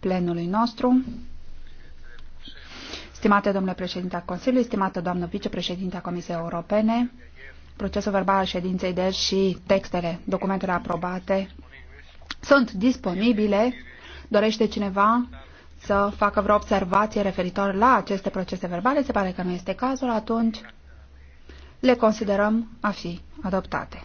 plenului nostru. Stimate domnule președinte al Consiliului, stimată doamnă vicepreședinte a Comisiei Europene, procesul verbal al ședinței de și textele, documentele aprobate sunt disponibile. Dorește cineva să facă vreo observație referitor la aceste procese verbale? Se pare că nu este cazul, atunci le considerăm a fi adoptate.